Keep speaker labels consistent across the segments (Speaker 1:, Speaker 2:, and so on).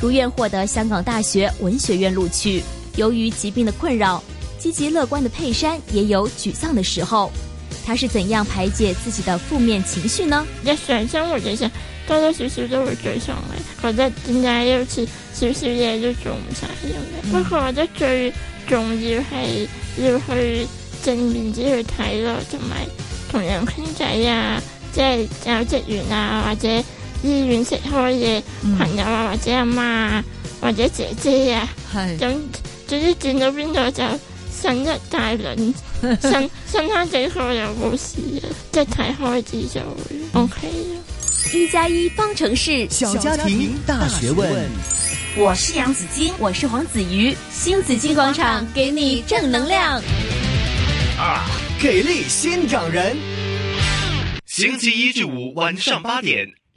Speaker 1: 如願獲得香港大學文學院錄取。由於疾病的困擾，積極樂觀的佩珊也有沮喪的時候。她是怎樣排解自己的負面情緒呢？一轉身我就想，多多少少都會追上來。我覺得今年又去，少少嘢都做唔
Speaker 2: 晒。不過我覺得最重要係要去正面啲去睇咯，同埋同人傾偈啊，即係有職員啊或者。醫院食開嘢，朋友啊、嗯、或者阿媽或者姐姐啊，咁、嗯、Window 就成一大人，成成家最好嘅故事啊，最睇心嘅故事 OK，啊嗯、一
Speaker 1: 加一方程式，小家庭，小家庭大，學大學問。我是楊子晶，我是黃子瑜，新紫金廣場給你正能量。二、
Speaker 3: 啊，
Speaker 1: 給力新掌人。
Speaker 3: 星期一至五晚上八點。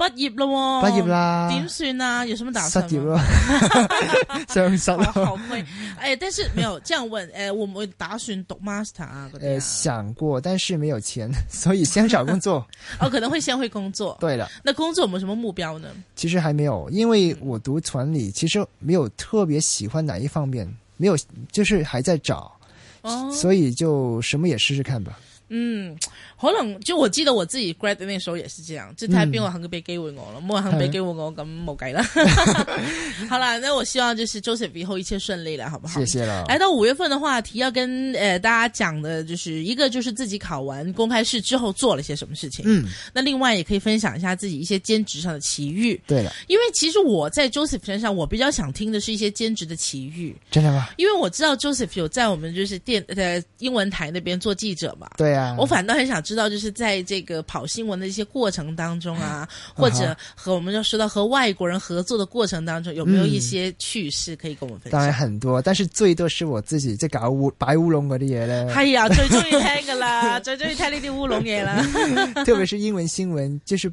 Speaker 4: 畢業咯，畢業啦，點算啊？有什麼打算？失
Speaker 5: 業咯，傷 心。好嘅、
Speaker 4: 哎，但是沒有，這樣問，誒、 哎，會唔會打算讀 master 啊？
Speaker 5: 想過，但是沒有錢，所以先找工作。
Speaker 4: 哦，可能會先會工作。 對了，那工作有冇什麼目標呢？
Speaker 5: 其實還沒有，因為我讀傳理，其實沒有特別喜歡哪一方面，沒有，就是還在找，哦、
Speaker 4: 所以
Speaker 5: 就什麼也試試看吧。嗯。
Speaker 4: 可能就我記得我自己 grad 的那時候也是這樣，即係喺邊我肯俾機會我咯，冇人肯俾機會我咁冇計啦。 好啦，那我希望就是 Joseph 以後一切順利了，好不好？
Speaker 6: 謝謝了。來
Speaker 4: 到五月份的話題，要跟、呃、大家講的，就是一個就是自己考完公開試之後做了些什麼事情。嗯，那另外也可以分享一下自己一些兼職上的奇遇。對了，因為其實我在 Joseph 身上，我比較想聽的是一些兼職的奇遇。真的嗎？因為我知道 Joseph 有在我們就是電呃英文台那邊做記者嘛。
Speaker 5: 對啊，我反
Speaker 4: 倒很想。知道就是在這個跑新聞的一些過程當中啊、嗯，或者和我們就說到和外國人合作的過程當中、嗯，有沒有一些趣事可以跟我們分享？當然
Speaker 5: 很多，但是最多是我自己在搞烏白烏龍嗰啲嘢咧。係、哎、啊，最中意聽噶啦， 最中
Speaker 4: 意聽呢啲烏龍嘢啦， 特別
Speaker 5: 是英文新聞就是。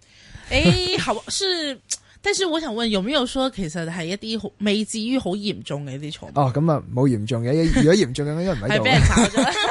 Speaker 4: 誒、欸，好是，但是我想問，有沒有說其實係一啲好未至於好嚴重嘅一啲錯
Speaker 5: 誤？哦，咁啊冇嚴重嘅，如果嚴重嘅因為唔係，就 俾 人
Speaker 4: 炒咗。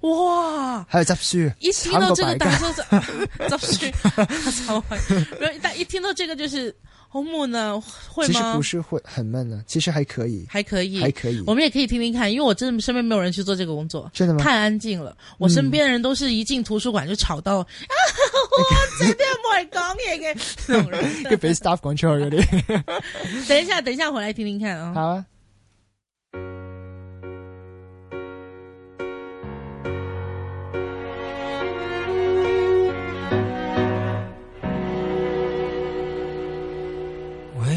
Speaker 4: 哇！
Speaker 5: 還有執書，一聽到這個打錯
Speaker 4: 執書就，然不但一聽到這個就是好悶啊，會嗎？ 其實不是
Speaker 5: 會很悶啊，其實還可以，
Speaker 4: 還可以，還可以。我們也可以聽聽看，因為我真的身邊沒有人去做這個工作，真的嗎？太安靜了、嗯，我身邊的人都是一進圖書館就吵到，啊我真係唔會講嘢嘅。個
Speaker 5: 北 staff 廣場嗰啲，
Speaker 4: 等一下，等一下，回來聽聽看啊、哦。好
Speaker 5: 啊。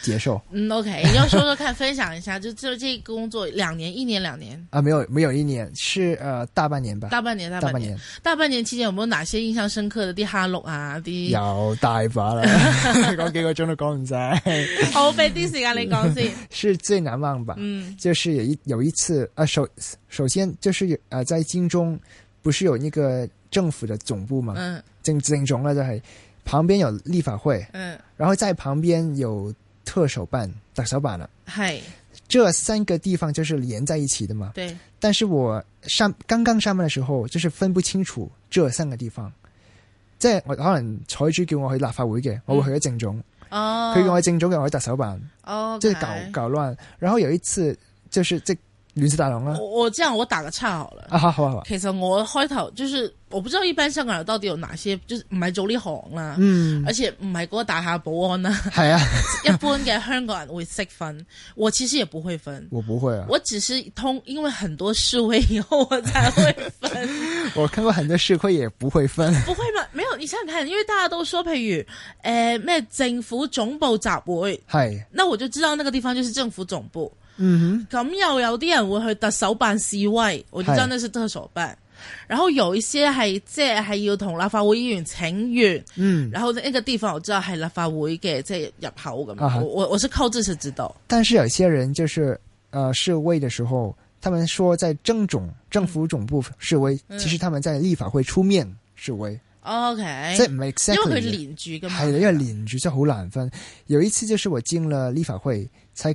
Speaker 5: 接受
Speaker 4: 嗯，OK，你要說說看， 分享一下，就就這工作兩年，一年兩年
Speaker 5: 啊，沒有沒有一年，是呃大半年吧，大半年，大半年，大半年，
Speaker 4: 大半年期間有沒有哪些印象深刻的？第哈嘍啊，啲
Speaker 5: 有大一把啦，講幾個鐘都講唔晒，
Speaker 4: 好俾啲時間你講最，
Speaker 5: 是最難忘吧？嗯，就是有一有一次啊，首首先就是呃，在金鐘不是有那個政府的總部嘛？嗯，正正中了，就是旁邊有立法會，嗯，然後在旁邊有。特首辦特首辦啊，係、hey, 這三個地方就是連在一起的嘛。對，但是我上剛剛上班嘅時候就是分不清楚這三個地方，即係我可能彩主叫我去立法會嘅、嗯，我會去咗政總
Speaker 4: 哦。佢、oh, 叫我
Speaker 5: 政總嘅，我去特首辦哦，
Speaker 4: 即、okay. 係搞搞
Speaker 5: 亂。然後有一次就是即輪子打龍啊，我
Speaker 4: 我這樣我打個岔好了
Speaker 5: 啊，好，好，好。其實
Speaker 4: 我開頭就是。.我不知道一般香港人到底有哪些，就唔、是、係是做呢行啦、啊嗯，而且唔係嗰個大廈保安啦。係啊，啊 一般嘅香港人會識分，我其實也不會分。
Speaker 5: 我不會啊，我
Speaker 4: 只是通，因為很多示威以後我才會分。
Speaker 5: 我看過很多示威，也不會分。
Speaker 4: 不會嗎？沒有，你想想看，因為大家都說，譬如誒咩、呃、政府總部集會，係，那我就知道那個地方就是政府總部。嗯哼，咁又有啲人會去特首辦示威，我就知道那是特首辦。然後有一些係即係要同立法會議員請願，嗯，然後呢一個地方我知道係立法會嘅即係入口咁樣、啊，我我是靠知識知道。
Speaker 5: 但是有些人就是，誒、呃、示威嘅時候，他們說在政總政府總部示威、嗯，其實他們在立法會出面示威。
Speaker 4: OK，即係唔係 exactly 因為佢連住咁，係因
Speaker 5: 為連住就好難分、那個。有一次就是我進了立法會，才。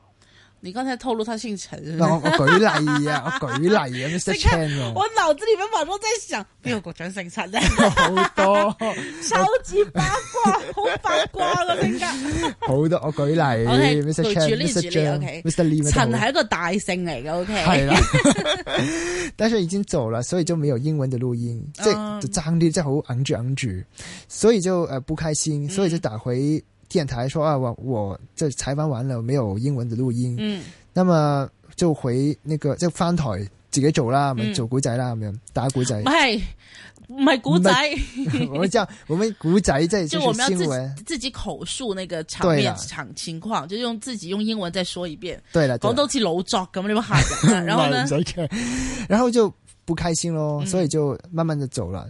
Speaker 4: 你剛才透露他姓
Speaker 5: 陳，我、哦、我舉例啊，我舉例啊 ，Mr. Chan、啊、我
Speaker 4: 腦子裏面馬上在想，邊個局長姓陳咧？好 多 超級八卦，好 八卦嘅性格，
Speaker 5: 好多我舉例 ，Mr. Chen 係 Mr. Chen, okay、一
Speaker 4: 個大姓嚟嘅，OK 係 是啦，
Speaker 5: 但係已經走啦，所以就冇有英文嘅錄音，即係爭啲，即係好硬住硬住，所以就誒不開心，所以就打回。電台說啊，我我這係採訪完了，沒有英文的錄音。嗯，那麼就回那個就翻台，自己走啦，們、嗯、走古仔啦，咁樣打古仔。唔
Speaker 4: 係唔係古仔我，我們這樣
Speaker 5: 我們古仔即係就我們要自
Speaker 4: 自己口述那個場面場情況，就用自己用英文再說一遍。對啦，講到似老作咁，你咪喊。然後呢？
Speaker 5: 然後就不開心咯， 所以就慢慢的走了。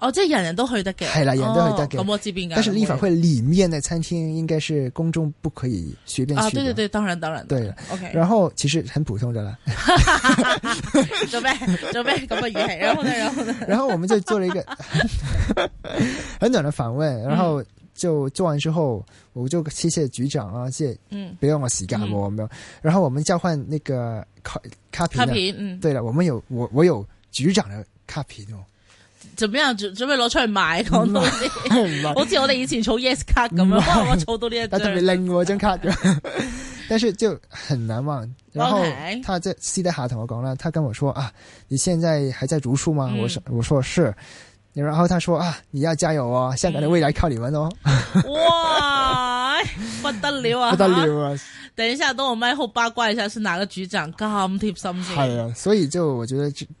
Speaker 4: 哦，即係人人都去得嘅，係 啦，人都去得嘅，哦。但是立法會
Speaker 5: 裏面的餐廳，應該是公眾不可以隨便去。啊，對
Speaker 4: 對對，當然當然。對了，了、嗯、然
Speaker 5: 後其實很普通的啦
Speaker 4: 做咩？做咩咁
Speaker 5: 嘅嘢？然後呢？然後呢？ 然後我們就做了一個很短的訪問，然後就做完之後，我就謝謝局長啊，謝，謝嗯，別讓我洗噶，我唔要。然後我們交換那個卡卡卡片，嗯，對了，我們有我我有局
Speaker 4: 長的卡片哦。做咩人準備攞出去賣講東西？好似、嗯、 我哋以前儲 Yes 卡咁樣，哇、嗯！我儲到呢一張特別另外張卡。但是就
Speaker 5: 很難忘。Okay. 然後他在私底下同我講啦，他跟我說啊，你現在還在讀書嗎、嗯？我說我說是。然後他說啊，你要加油哦，香港的未來靠你們哦。嗯、
Speaker 4: 哇！不得了啊！不得了、啊！等一下，等我麥後八卦一下，是哪個局長咁貼心？係啊，
Speaker 5: 所以就我覺得。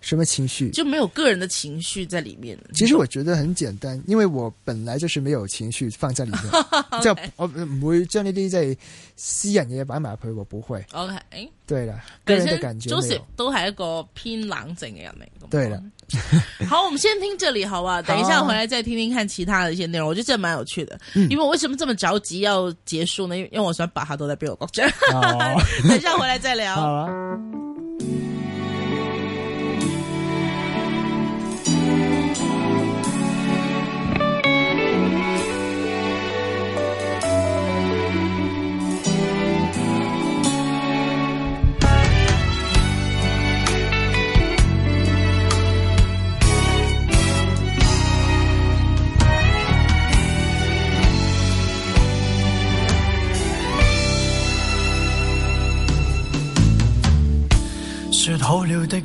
Speaker 5: 什麼情緒？就
Speaker 4: 沒有個人的情緒在裏面。其
Speaker 5: 實我覺得很簡單，因為我本來就是沒有情緒放在裏面，叫、 okay。我，我就那些不會將呢啲即係私人嘅嘢擺埋我不會。OK，對啦，個人的感覺，就是
Speaker 4: 都還一個偏冷靜嘅樣嚟、那個。對啦， 好，我們先聽這裏，好不好？等一下回來再聽聽看其他的一些內容，oh. 我覺得這蠻有趣的、嗯。因為我為什麼這麼着急要結束呢？因為因為我想把它都來俾我講講。 oh. 等一下回來再聊。 好啊。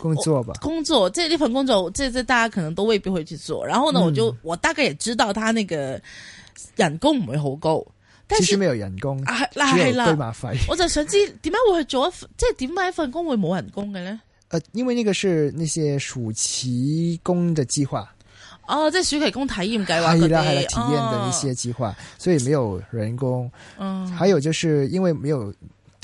Speaker 5: 工作吧，工
Speaker 4: 作，這份工作，這大家可能都未必會去做。然後呢，我就、嗯、我大概也知道，他那個人工唔會好高，但其實沒有人工，嗱係、啊、車馬費，我就想知點解會去做一份，即係點解一份工會冇人工嘅呢？
Speaker 5: 呃，因為呢個是那些暑期工的計劃，
Speaker 4: 哦，即係暑期工體驗計劃，啦體驗的一些
Speaker 5: 計劃、哦，所以沒有人工。嗯，還有就是因為沒有。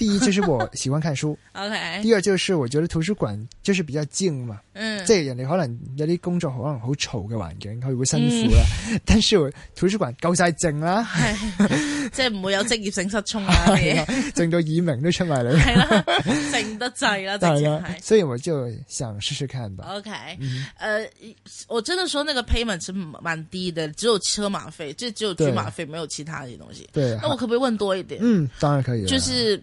Speaker 5: 第一就是我喜歡看書，O、okay、K。第二就是我覺得圖書館就是比較靜嘛，嗯，即係人哋可能有啲工作可能好嘈嘅環境，佢會辛苦啦。嗯、 但是我圖書館夠晒靜啦，
Speaker 4: 係，即係唔會有職業性失聰啊，
Speaker 5: 靜到耳鳴都出埋嚟，係啦，
Speaker 4: 靜得滯啦，醉啦。
Speaker 5: 所以我就想試試看吧。O
Speaker 4: K，呃我真的說，那個 payment 是蠻低的，只有車馬費，就只有車馬費，沒有其他的東西。對，那我可不可以問多一點？ 嗯，
Speaker 5: 當然可以了，就是。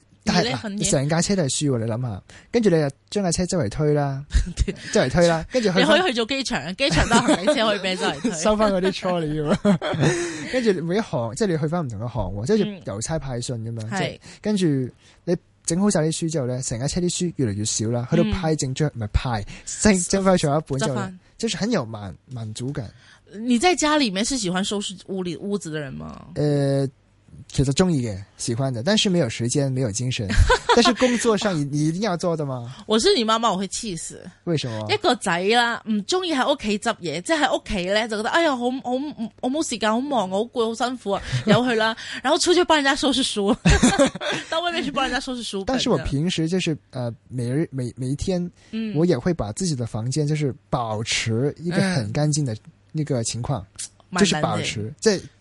Speaker 4: 但係成
Speaker 5: 架車都係書，你諗下，跟住你就將架車周圍推啦， 周圍圍推啦，跟 住你可以去
Speaker 4: 做機場，機場都係 車可以俾周圍 收翻嗰
Speaker 5: 啲初料。跟住每一行，即、就、係、是、你去翻唔同嘅行，即係郵差派信咁樣。係跟住你整好晒啲書之後咧，成架車啲書越嚟越少啦，去到派正章唔係派剩剩翻最後一本就即就很有滿滿足感。
Speaker 4: 你在家裏面是喜歡收拾屋裏屋子嘅人嗎？誒、
Speaker 5: 呃。其實中意嘅，喜歡的，但是沒有時間，沒有精神。 但是工作上你，你一定要做的嗎？
Speaker 4: 我是你媽媽，我會氣死。為什麼？一個仔啦，唔中意喺屋企執嘢，即係喺屋企咧就覺得哎呀，好好，我冇時間，好忙，我好攰，好辛苦啊，由佢啦，然後出去幫人家收拾書，到外面去幫人家收拾書。 但是我平
Speaker 5: 時就是呃每日每每一天、嗯，我也會把自己的房間就是保持一個很乾淨的、嗯、那個情況、嗯，就是保持在。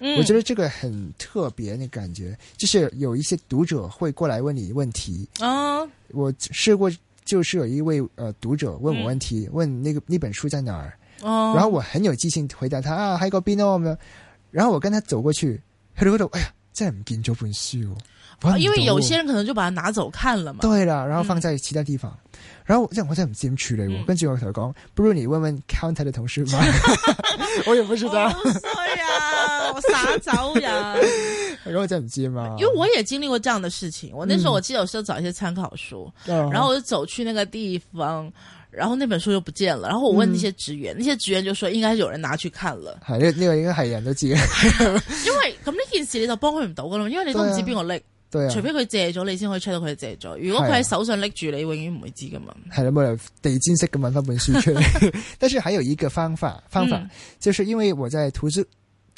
Speaker 5: 我覺得這個很特別的感覺，嗯,就是有一些讀者會過來問你問題。哦,我試過,就是有一位呃讀者問我問題,嗯、問那個那本書在哪兒。
Speaker 6: 哦,然後我
Speaker 5: 很有記性回答他啊,還有個 b i n o 沒有，然後我跟他走過去,去到嗰度,哎呀,真係唔見咗本書，哦啊。因為有些
Speaker 4: 人可能就把他拿走看了嘛。對
Speaker 5: 啦,然後放在其他地方。嗯、然後我這樣我真唔知點處理,我跟幾個同事講,不如你問問 counter 的同事嗎
Speaker 4: 我也不知道。衰啊!搞啥招呀？
Speaker 5: 如果真唔知嘛。因為
Speaker 4: 我也經歷過這樣的事情、嗯。我那時候我記得我是要找一些參考書、嗯，然後我就走去那個地方，然後那本書就不見了。然後我問那些職員、嗯，那些職員就說應該是有人拿去看了。
Speaker 5: 係、嗯，呢個應該係人都知嘅。
Speaker 4: 因為咁呢件事你就幫佢唔到噶啦，因為你都唔知邊個拎。對啊。除非佢借咗你，先可以 check 到佢借咗。如果佢喺手上拎住，你、啊、永遠唔會知噶嘛。
Speaker 5: 係啦，冇理由地毯式咁揾翻本書出嚟。 但
Speaker 4: 是還有一個方法，方法、嗯、
Speaker 5: 就是因為我在圖書。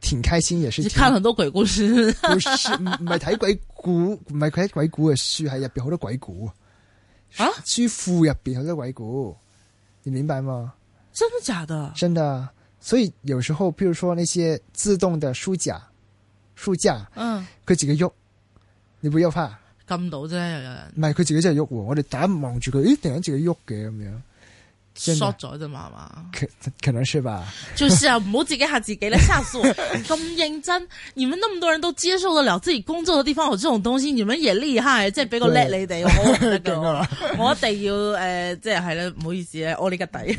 Speaker 5: 挺開心，也是。你看
Speaker 4: 很多鬼故事？不是，
Speaker 5: 唔係睇鬼古，唔係佢睇鬼古嘅書，喺入邊好多鬼古啊。書庫入邊好多鬼古，你明白嗎？真的假的？真的。所以有時候，譬如說那些自動的書架，書架，嗯，佢自己喐，你會有怕？
Speaker 4: 撳到啫，有人。
Speaker 5: 唔係佢自己真係喐，我哋打一望住佢，一定自己喐嘅咁樣。說着的
Speaker 4: 咗啫嘛嘛，
Speaker 5: 可可能是吧。
Speaker 4: 就是啊，唔 好自己吓自己啦，師傅咁認真， 你們那麼多人都接受得了自己工作的地方有 這種東西，你們也厲害，即係比較叻你哋， 我覺得我一定要誒，即係係啦，唔好意思咧，我呢個底。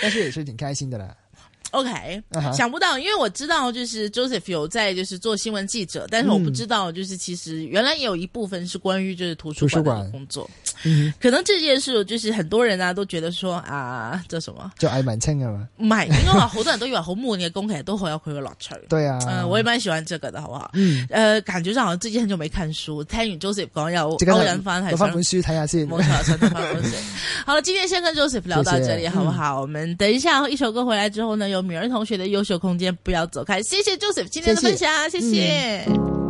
Speaker 5: 但是也是挺開心的啦。
Speaker 4: OK，、uh-huh. 想不到，因為我知道就是 Joseph 有在就是做新聞記者，但是我不知道就是其實原來有一部分是關於就是圖書館的工作。嗯嗯、可能這件事就是很多人啊都覺得說啊，叫什麼？
Speaker 5: 叫艾文青的嘛？
Speaker 4: 唔係，應該話好多人都以為好悶，你的功課都好有佢嘅樂趣。對啊，呃、我也蠻喜歡這個的，好不好嗯，呃感覺上好像最近很久沒看書，嗯、聽完 Joseph 講又高人翻，係、這、是、個？翻本書睇下先。 好，今天先跟 Joseph 聊到這裏，謝謝好不好、嗯？我們等一下一首歌回來之後呢，有敏兒同學的優秀空間，不要走開。謝謝 Joseph 今天的分享，謝謝。謝謝嗯，嗯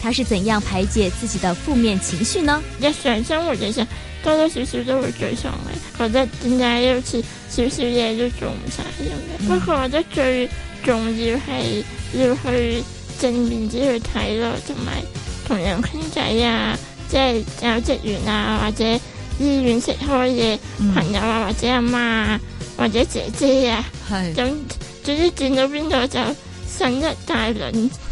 Speaker 1: 他是怎樣排解自己的負面情緒呢？日常生活就係多多少少都會追上嚟。覺得點解好似少少嘢
Speaker 2: 都做唔晒咁樣。不過我覺得最重要係要去正面啲去睇咯，同埋同人傾偈啊，即係有職員啊，或者醫院食開嘢，朋友啊、嗯，或者阿媽啊，或者姐姐啊，咁總之轉到邊度就順一大輪。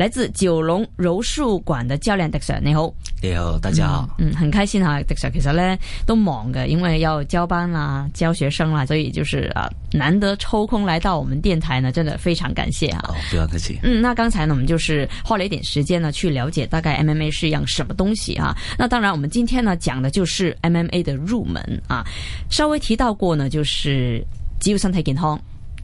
Speaker 7: 來自九龍柔術館的教練 Dexter，你好，
Speaker 8: 你好，大家好，嗯，
Speaker 7: 嗯，很開心哈 Dexter，其實呢，都忙嘅，因為要教班啦，教學生啦，所以就是啊，難得抽空來到我們電台呢，真的非常感謝啊，哦，不要客氣，嗯，那剛才呢，我們就是花了一點時間呢，去了解大概 MMA 是一樣什麼東西啊，那當然，我們今天呢講的就是 MMA 的入門啊，稍微提到過呢，就是只要身體健康。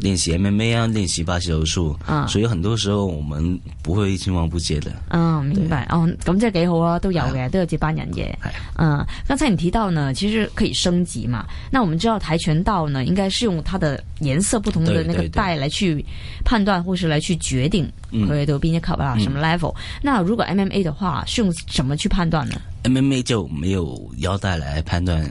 Speaker 8: 練習 MMA 啊，練習巴西柔術，嗯，所以很多時候我們不會青黃不接的。
Speaker 7: 嗯，明白。哦，咁即係幾好啊，都有嘅，都有接班人嘅，哎。嗯，剛才你提到呢，其實可以升級嘛。那我們知道跆拳道呢，應該是用它的顏色不同的那個帶來去判斷，對對對或是來去決定以的邊界卡唔卡什麼 level，嗯。那如果 MMA 的話，是用什麼去判斷呢
Speaker 8: ？MMA 就沒有腰帶來判斷。